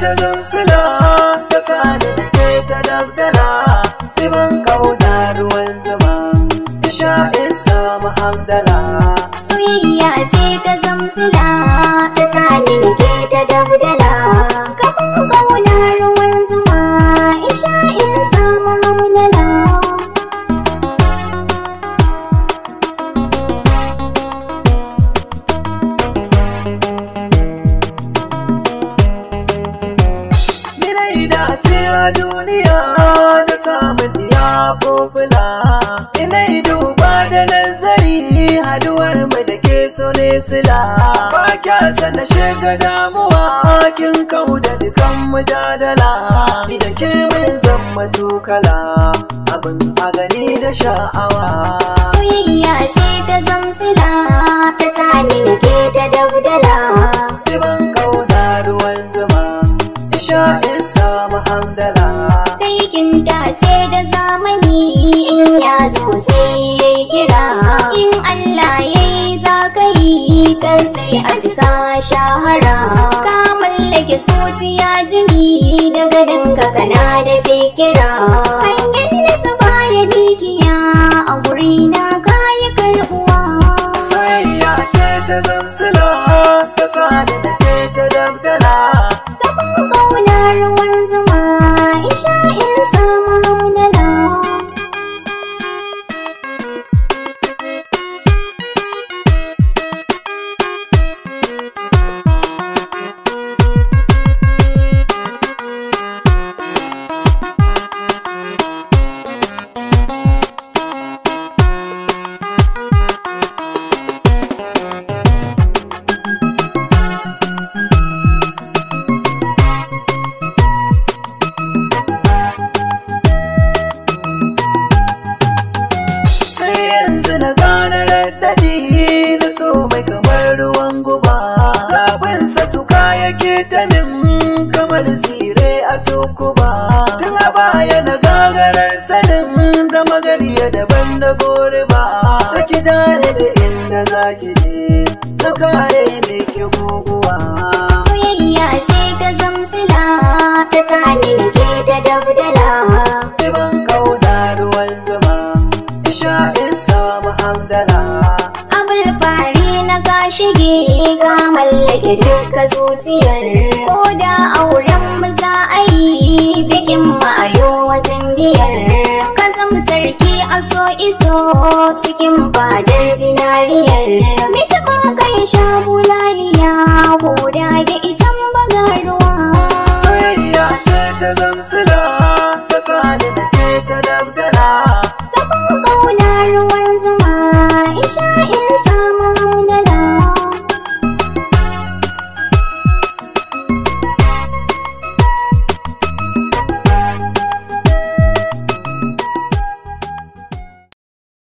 ta zamsula ta sani ke ta dabdala ɗiban ƙauna ruwan zama ta sha in samu hamdala soyayya ce ta zamsula ta sani ke ta dabdala ce a duniya na samun ya fofula inai duba da nazari haduwar mu da ke so ne sila ba kya sana shiga damuwa kin kau da dukan mujadala ni da ke mai zama tukala abin a gani da sha'awa soyayya ce ta zamsila ta sani da ke da daudala Diban kauda ruwan zuma, isha isa hamdala aikin ce da zamani in ya zo sai ya kira in Allah ya yi za ka yi can sai a cika shahara ka mallake zuciya jini daga danka kana da fikira hanyar nasa baya dukiya a gurina ka yi karbuwa soyayya ce ta zamsula ta sani sa suka yake ta min kamar zire a tukuba tun a baya na gagarar sanin da ya daban da gori ba saki jari da inda zaki je suka yi mai shege ga mallake duka zuciyar ko da auren mu za a yi bikin ma'ayo wajen biyar ka zama sarki a so iso cikin badan zinariyar mita ba kai sha bulaliya ko da itan bagaruwa soyayya ce ta zamsula ta sa ta dabgana